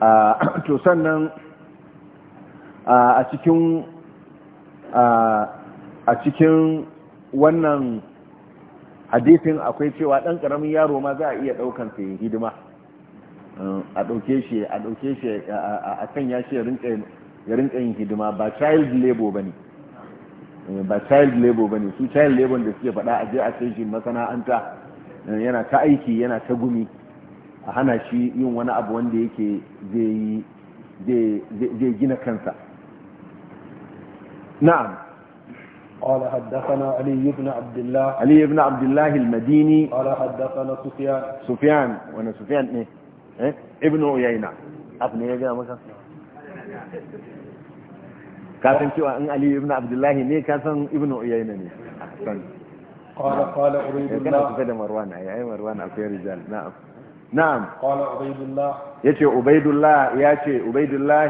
to sannan a cikin a cikin wannan hadisin akwai cewa ɗan ƙaramin yaro ma za a iya daukan sa hidima a ɗauke shi a dauke shi a sanya shi ya rinka yin hidima ba child labor ba ne eh, ba child labor ba ne su child labor da suke faɗa a je a kai shi masana'anta eh, yana ta aiki yana ta gumi a hana shi yin wani abu wanda yake zai gina kansa na'am قال حدثنا علي بن عبد الله علي بن عبد الله المديني قال حدثنا سفيان سفيان وانا سفيان ايه, ابن عيينة ابن يجي مكة ka san cewa in Ali ibn Abdullah ne ka san ibn Uyayna ne san qala qala uridullah kana kusa da Marwan ai ai Marwan akwai rijal na'am na'am qala ubaidullah yace ubaidullah yace ubaidullah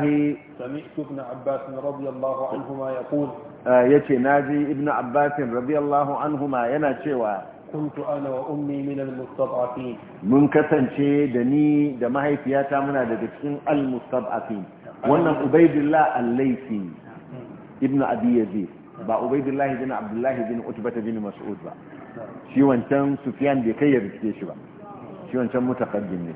sami'tu ibn Abbas radiyallahu anhuma yaqul ah, yace naji ibn Abbas radiyallahu anhuma yana cewa kuntu ana wa ummi min al-mustad'afin mun kasance da ni da mahaifiyata muna daga cikin al-mustad'afin wannan ubaidullah al-laythi ibnu abi yazid ba ubaidullahi bin abdullahi bin utbah bin mas'ud ba shi wancan sufyan bai kai ya riske shi ba shi wancan mutaqaddim ne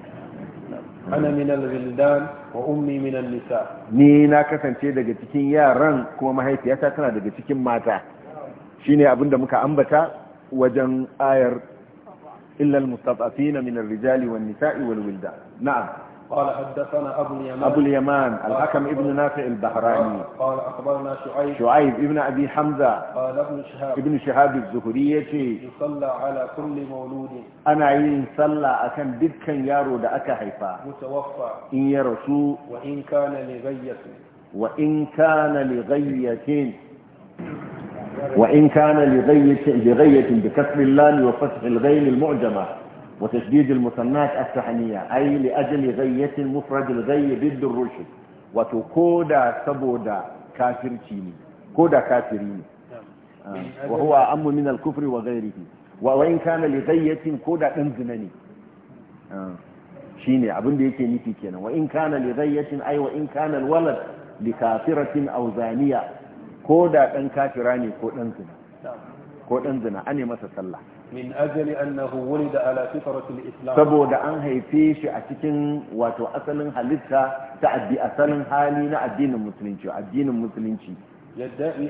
ana min al-ghildan wa ummi min an-nisa ni na kasance daga cikin yaran kuma mahaifiyata tana daga cikin mata shine abinda muka ambata wajen ayar illa al-mustatafina min ar-rijali wan-nisa'i wal-wildan na'am قال حدثنا أبو اليمان أبو اليمان الحكم ابن نافع البحراني قال أخبرنا شعيب شعيب ابن أبي حمزة قال ابن شهاب ابن شهاب الزهري يصلى على كل مولود أنا عين صلى أكن دكا يارو دا أكا حيفا متوفى إن يرسو وإن كان لغية وإن كان لغية وإن كان لغية لغية بكسر اللام وفتح الغين المعجمة وتشديد المثنات التحنية أي لأجل غية المفرد الغي ضد الرشد وتكودا سبودا كافرتيني كودا كافرين وهو أم من الكفر وغيره وإن كان لغية كودا أنزنني shine abin da yake nufi kenan wa in kana li ghayyatin ay wa in kana al walad ko da dan kafira ne ko ko masa sallah min ajali annahu wuri da fitrat al-islam saboda an haife shi a cikin wato asalin halitta ta addi asalin hali na addinin musulunci addinin musulunci yadda'i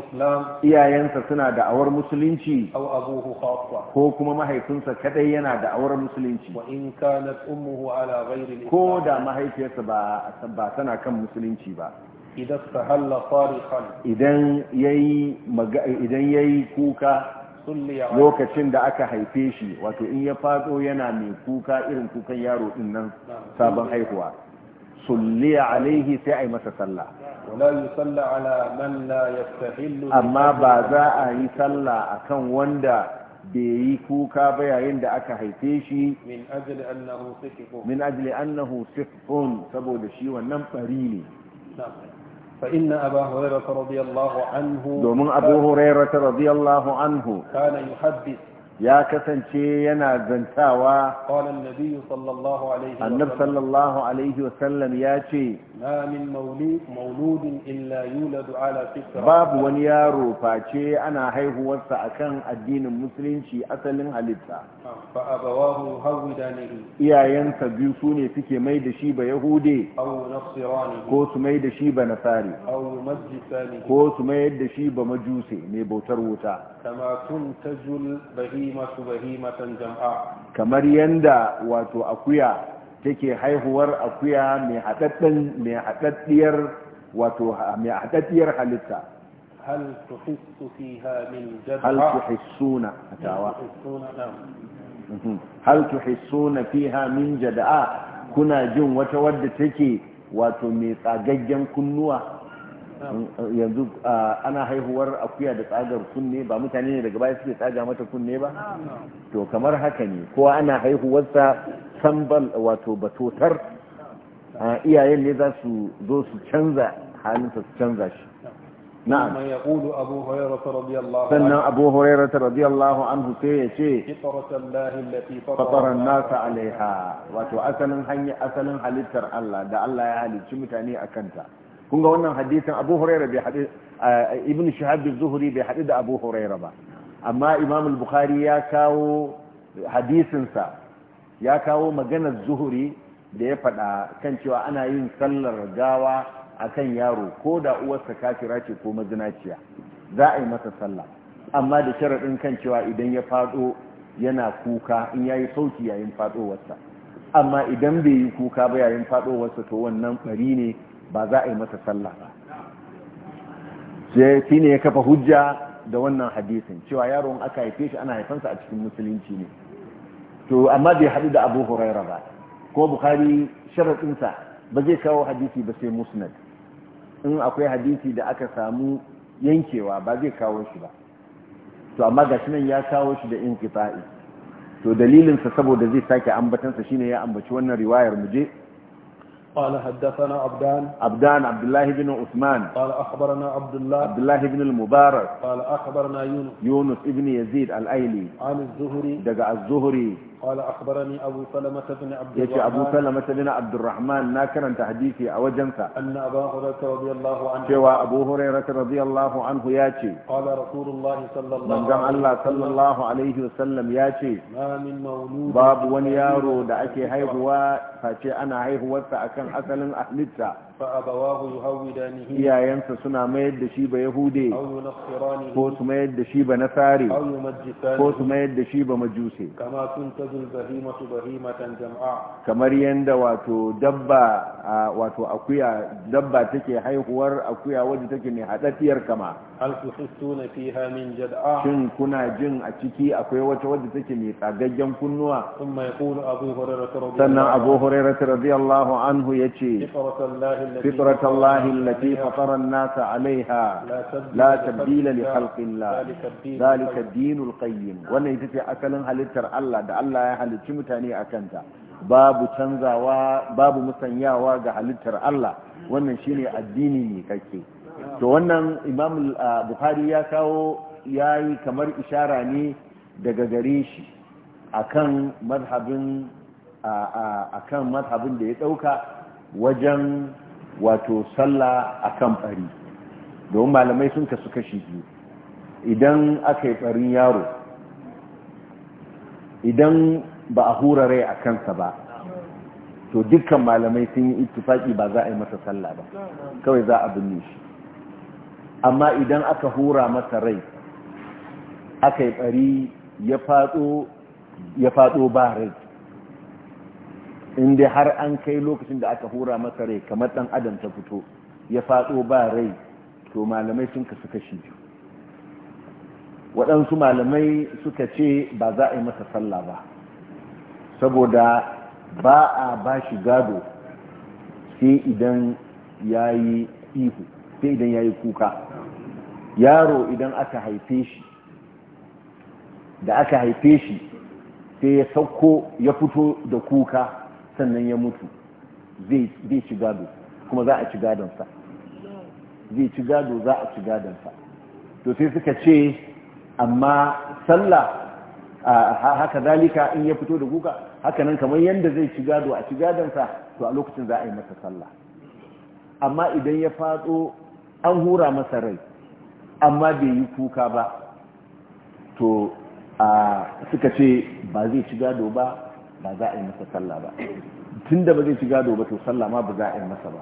islam iyayensa suna da awar musulunci aw abuhu khassa ko kuma mahaifinsa kadai yana da awar musulunci wa in kanat ummuhu ala ghairi ko da mahaifiyarsa ba ba tana kan musulunci ba idan sahalla tariqan idan yayi idan yayi kuka lokacin da aka haife shi wato in ya fado yana mai kuka irin kukan yaro din nan sabon haihuwa sulliya alaihi sai a yi masa sallah amma ba za a yi sallah akan wanda bai yi kuka ba yayin da aka haife shi min ajli annahu sifun saboda shi wannan fari ne فإن أبا هريرة رضي الله عنه دومن أبو هريرة رضي الله عنه كان يحدث يا كسن ينا زنتاوا قال النبي صلى الله عليه وسلم النبي صلى الله عليه وسلم يا شي babu wani yaro face ana haihuwarsa a kan addinin musulunci asalin halitta iyayensa biyu sune ne suke mai da shi ba yahude ko su mai shi ba nasari ko su mai da shi ba majuse mai bautar wuta kamar yanda wato akuya take haihuwar akuya mai haɗaɗɗen mai haɗaɗɗiyar wato mai haɗaɗɗiyar halitta hal tuhissuna atawa hal tuhissuna fiha min mhm. kuna jin wata wadda take wato mai tsagaggen kunnuwa yanzu ana haihuwar akuya da tsagar kunne ba mutane ne daga baya suke tsaga mata kunne ba to kamar haka ne ko ana haihuwarsa sambal wato batotar iyaye ne za su zo su canza halinsa su canza shi na'am man yaqulu abu hurairah radiyallahu anhu sannan abu hurairah radiyallahu anhu sai ya ce fitratullahi allati fatara an wato asalin halittar Allah da Allah ya halicci mutane akan ta kun ga wannan hadisin abu hurairah bai hadi ibnu shahab az-zuhri bai hadi da abu hurairah ba amma imam al-bukhari ya kawo hadisinsa. ya kawo maganar zuhuri da ya faɗa kan cewa ana yin sallar gawa a kan yaro ko da uwarsa kafira ce ko mazinaciya za a yi masa sallah amma da sharaɗin kan cewa idan ya faɗo yana kuka in ya yi sauki yayin faɗowarsa amma idan bai yi kuka ba yayin faɗowarsa to wannan bari ne ba za a yi masa sallah ba shi ne ya kafa hujja da wannan hadisin cewa yaron aka haife shi ana haifansa a cikin musulunci ne to amma bai haɗu da abu huraira ba ko bukari sharaɗinsa ba zai kawo hadisi ba sai musnad in akwai hadisi da aka samu yankewa ba zai kawo shi ba to amma ga nan ya kawo shi da inqita'i to dalilinsa saboda zai sake ambatansa shine ya ambaci wannan riwayar mu je. قال حدثنا عبدان عبدان عبد الله بن عثمان قال أخبرنا عبد الله عبد الله بن المبارك قال أخبرنا يونس يونس ابن يزيد الأيلي عن الزهري دقع الزهري قال أخبرني أبو سلمة بن عبد الرحمن يشي أبو سلمة بن عبد الرحمن ناكرا تحديثي أو جنسا أن أبا هريرة رضي الله عنه شوى أبو هريرة رضي الله عنه ياتي قال رسول الله صلى الله من جمع الله صلى الله عليه وسلم ياتي ما من مولود باب ونيارو دعكي هيهوا فشي أنا هيهوا فأكن asalin halitta فأبواه يهودانه يا ينسى سنا ما يد شي بيهودي أو ينصرانه كو سما يد شي بنصاري أو يمجسانه كو سما يد شي بمجوسي كما تنتج البهيمة بهيمة جمعاء كما يند واتو دبا واتو أكويا دبا تكي حيوار أكويا ودي تكي مي حدثير كما هل تحسون فيها من جدعاء شن كنا جن أتكي أكويا واتو ودي تكي مي تاجن كنوا ثم يقول أبو هريرة رضي الله عنه سنة أبو هريرة رضي الله عنه يتي الله فطرة الله التي فطر الناس عليها لا تبديل لخلق الله ذلك الدين wannan ita ce asalin halittar Allah da Allah ya halicci mutane a kanta babu canzawa babu musanyawa ga halittar Allah wannan shine addini ne kake to wannan Imam Bukhari ya kawo yayi kamar ishara ne daga gare shi akan madhabin akan da ya dauka wajen wato sallah akan bari domin malamai sun kasu kashi biyu idan aka yi ɓarin yaro idan ba a hura rai a kansa ba to dukkan malamai sun yi ittifaki ba za a yi masa sallah ba kawai za a binne shi amma idan aka hura masa rai aka yi bari ya faɗo ba rai in dai har an kai lokacin da aka hura masa rai kamar dan adam ta fito ya faɗo ba rai to malamai sun kasu kashi biyu waɗansu malamai suka ce ba za a yi masa sallah ba saboda ba a ba shi gado sai idan ya yi ihu sai idan ya yi kuka yaro idan aka haife shi da aka haife shi sai ya sauko ya fito da kuka sannan ya mutu zai ci gado kuma za a ci gadonsa zai ci gado za a ci gadonsa to sai suka ce amma sallah haka zalika in ya fito da guga hakanan kamar yadda zai ci gado a ci gadonsa to a lokacin za a yi masa sallah amma idan ya fatso an hura masa rai amma bai yi kuka ba to suka ce ba zai ci gado ba ba za a yi masa sallah ba tun da ba zai ci gado ba to sallah ma ba za a yi masa ba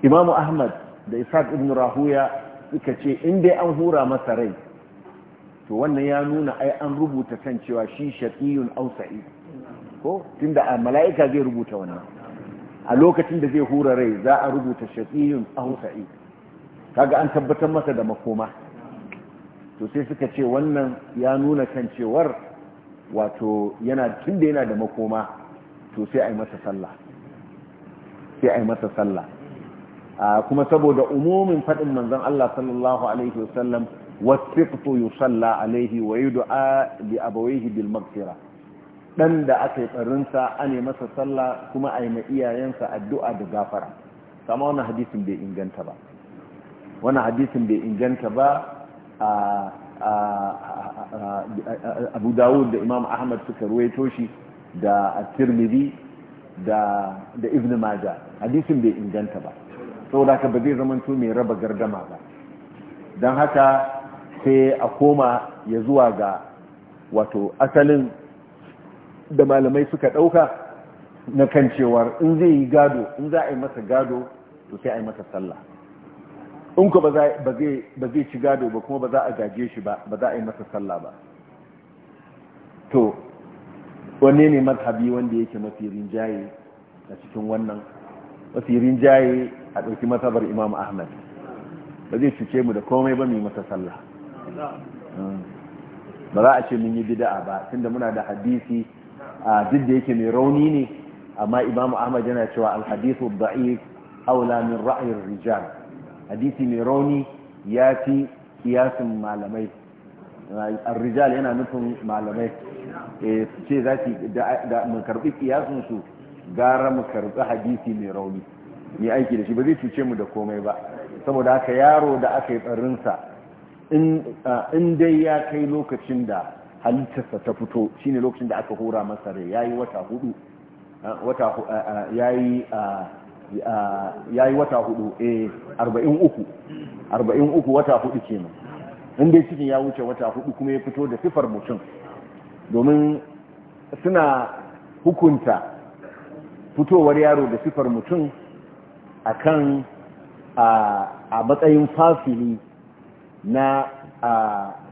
imamu ahmad da ishaq ibn rahuya suka ce in dai an hura masa rai to wannan ya nuna ai an rubuta kan cewa shi shaqiyun aw sa'id ko tunda a mala'ika zai rubuta wannan a lokacin da zai hura rai za a rubuta shaqiyun aw sa'id kaga an tabbatar masa da makoma to sai suka ce wannan ya nuna kan cewar wato yana tunda yana da makoma to sai a yi masa sallah sai a yi masa sallah kuma saboda umumin faɗin manzon Allah sallallahu alaihi wasallam wasiqtu sallah alaihi wa yud'a li abawayhi bil maghfirah dan da aka yi barinsa a ne masa sallah kuma a yi ma iyayensa addu'a da gafara kama wani hadisin bai inganta ba wani hadisin bai inganta ba abu dawud da imam ahmad suka ruwaito shi da tirmidhi da da ibn majah hadisin bai inganta ba saboda haka ba zai zama zamanto mai raba gardama ba don haka sai a koma ya zuwa ga wato asalin da malamai suka ɗauka na kan cewar in zai yi gado in za a yi masa gado to sai a yi masa sallah in ku ba zai ci gado ba kuma ba za a gaje shi ba ba za a yi masa sallah ba to wanne ne mazhabi wanda yake mafi rinjaye a cikin wannan mafi rinjaye a ɗauki matabar imam ahmad ba zai cuce mu da komai ba mu yi masa sallah hmm. ba za a ce mun yi bida'a ba tunda muna da hadisi a duk da yake mai rauni ne amma imam ahmad yana cewa alhadithu da'if aula min ra'ayin rijal hadisi mai rauni ya fi kiyasin malamai arrijal yana nufin malamai eh, su ce za su da mu karbi kiyasinsu gara mu karbi hadisi mai rauni mai aiki da shi ba zai cuce mu da komai ba saboda haka yaro da aka yi tsarinsa in dai ya kai lokacin da halittarsa ta fito shine lokacin da aka hura masa rai ya yi wata hudu ya yi ya yi wata hudu eh arba'in uku wata hudu kenan inda cikin ya wuce wata hudu kuma ya fito da sifar mutum domin suna hukunta fitowar yaro da sifar mutum a kan a matsayin fasili na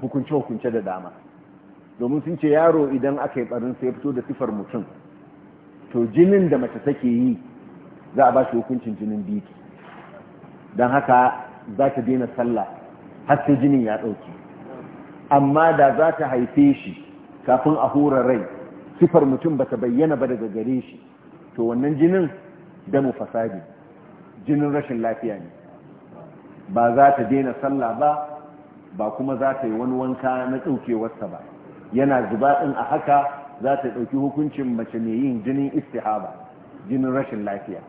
hukunce-hukunce da dama domin sun ce yaro idan aka yi barin sai fito da sifar mutum to jinin da mace take yi za a ba shi hukuncin jinin biki don haka za ta daina sallah har sai jinin ya ɗauki amma da za ta haife shi kafin a hura rai sifar mutum ba ta bayyana ba daga gare shi to wannan jinin damu fasadi jinin rashin lafiya ne ba za ta daina sallah ba ba kuma za ta yi wani wanka na ɗaukewarsa ba yana zuba ɗin a haka za ta ɗauki hukuncin mace mai yin jinin istihaba jinin rashin lafiya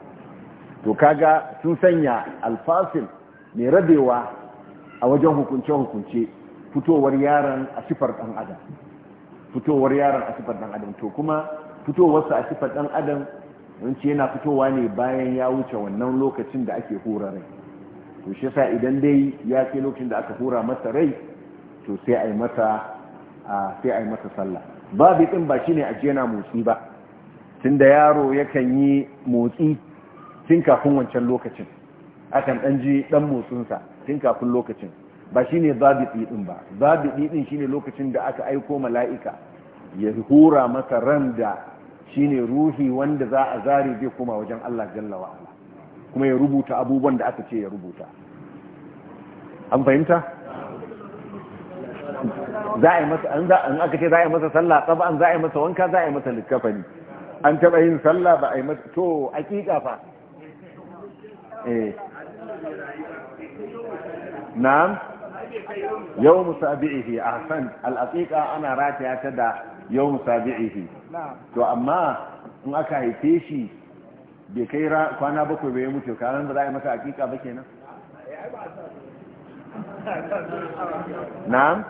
to kaga sun sanya alfasil mai rabewa a wajen hukunce-hukunce fitowar yaron a sifar ɗan adam fitowar yaron a sifar ɗan adam to kuma fitowarsa a sifar ɗan adam wance yana fitowa ne bayan ya wuce wannan lokacin da ake hura rai to shi sa idan dai ya kai lokacin da aka hura masa rai to sai a yi masa sai a masa sallah babu ɗin ba shine a jena motsi ba tunda yaro yakan yi motsi tun kafin wancan lokacin akan ɗan ji ɗan motsinsa tun kafin lokacin ba shi ne zabiɗi ɗin ba zabiɗi ɗin shi ne lokacin da aka aiko mala'ika ya hura masa ran da shi ne ruhi wanda za a zare zai koma wajen Allah Jallawa. Allah kuma ya rubuta abubuwan da aka ce ya rubuta an fahimta za a yi masa an aka ce za a yi masa sallah tsaba'an za a yi masa wanka za a yi masa littafani an taɓa yin sallah ba a yi masa to aƙiƙa fa eh na'am yau musabi'ihi a al-aqiqa ana rataya ta da yau musabi'ihi to amma in aka haife shi bai kai kwana bakwai bai mutu kanan ba za a yi masa aqiqa ba kenan na'am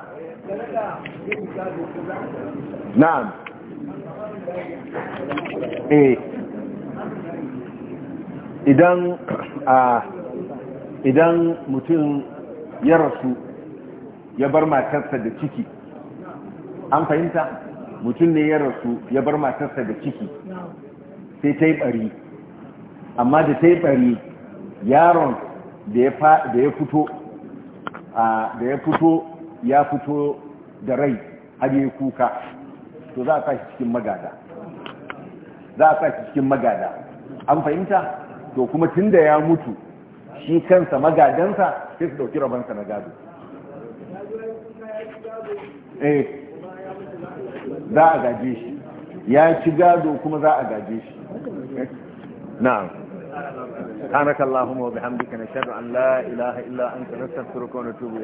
na'am eh idan a idan mutum ya rasu ya bar matarsa da ciki an fahimta mutum ne ya rasu ya bar matarsa da ciki sai ta yi bari amma da ta yi bari yaron da ya fito da ya fito ya fito da rai har yi kuka to za a sa cikin magada za a sa cikin magada an fahimta to kuma tun da ya mutu shi kansa magadansa sai su dauki rabansa na gado eh za a gaje shi ya ci gado kuma za a gaje shi na'am سبحانك اللهم وبحمدك نشهد ان لا اله الا انت نستغفرك ونتوب اليك